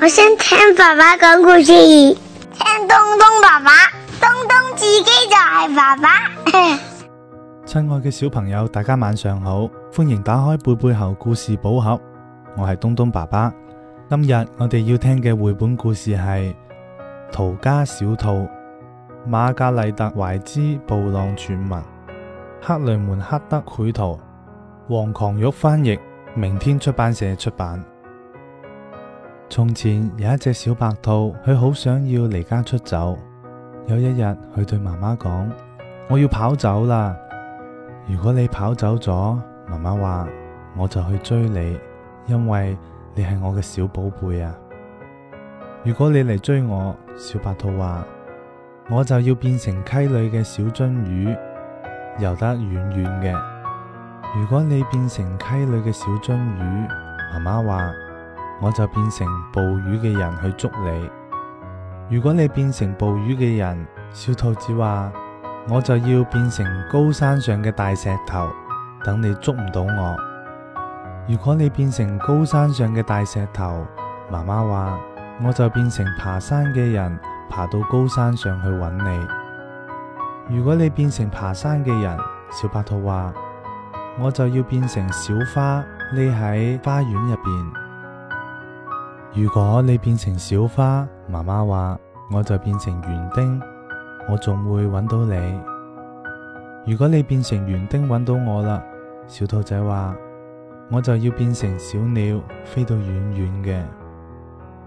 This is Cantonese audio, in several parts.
我想聽爸爸講故事，聽東東爸爸，東東自己就係爸爸。 親愛嘅小朋友，大家晚上好，歡迎打開貝貝猴故事寶盒，我係東東爸爸。今日我哋要聽嘅繪本故事係《逃家小兔》、《瑪格麗特·懷茲·布朗，撰文》、《克雷門·赫德繪圖》。黃廼毓翻譯，明天出版社出版。從前有一隻小白兔，佢好想要離家出走。有一日，佢對媽媽講：我要跑走啦！如果你跑走咗，媽媽話我就去追你，因為你係我嘅小寶貝啊！如果你嚟追我，小白兔話我就要變成溪裏嘅小鱒魚，游得遠遠嘅。如果你變成溪裏嘅小鱒魚，媽媽話我就變成捕魚嘅人去捉你。如果你變成捕魚嘅人，小兔子話我就要變成高山上嘅大石頭，等你捉唔到我。如果你變成高山上嘅大石頭，媽媽話我就變成爬山嘅人，爬到高山上去揾你。如果你變成爬山嘅人，小白兔話。我就要變成小花，匿喺花園入邊。如果你變成小花，媽媽話我就變成園丁，我仲會揾到你。如果你變成園丁揾到我啦，小兔仔話我就要變成小鳥，飛到遠遠嘅。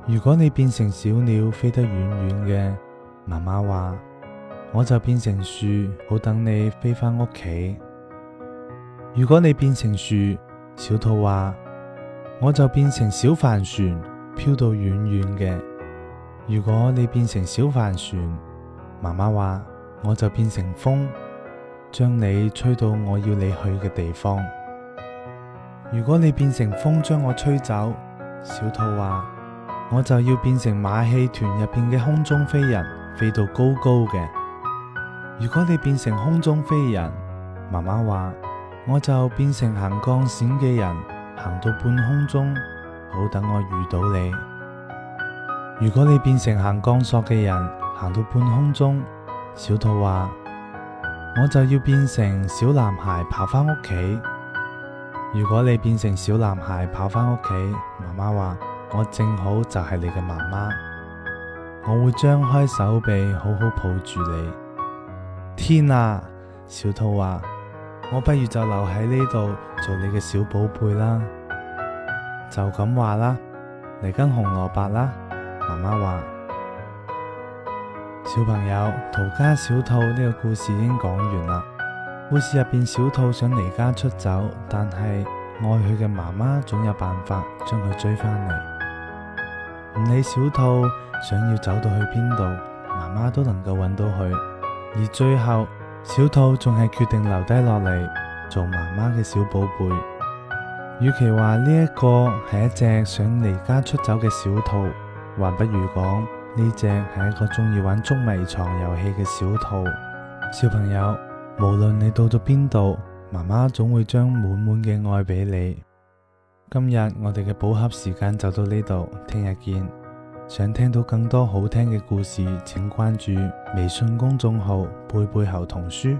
如果你變成小鳥飛得遠遠嘅，媽媽話我就變成樹，好等你飛翻屋企。如果你變成樹，小兔話，我就變成小帆船，飄到遠遠嘅。如果你變成小帆船，媽媽話，我就變成風，將你吹到我要你去嘅地方。如果你變成風，將我吹走，小兔話，我就要變成馬戲團入邊嘅空中飛人，飛到高高嘅。如果你變成空中飛人，媽媽話。我就變成行鋼線嘅人，行到半空中，好等我遇到你。如果你變成行鋼索嘅人，行到半空中，小兔話我就要變成小男孩跑返屋企。如果你變成小男孩跑返屋企，媽媽話我正好就係你嘅媽媽，我會張開手臂好好抱住你。天啊，小兔話。我不如就留喺呢度做你嘅小寶貝啦，就咁話啦，嚟根紅蘿蔔啦，媽媽話。小朋友，逃家小兔呢個故事已經講完啦。故事入邊，小兔想離家出走，但係愛佢嘅媽媽總有辦法將佢追返嚟。唔理小兔想要走到去邊度，媽媽都能夠揾到佢。而最後，小兔仲係決定留低落嚟，做媽媽嘅小寶貝。與其話呢，一個係一隻想離家出走嘅小兔，還不如講呢隻係一個中意玩捉迷藏遊戲嘅小兔。小朋友，無論你到咗邊度，媽媽總會將滿滿嘅愛俾你。今日我哋嘅寶盒時間就到呢度，聽日見。想聽到更多好聽嘅故事，請關注微信公眾號“貝貝猴童書”。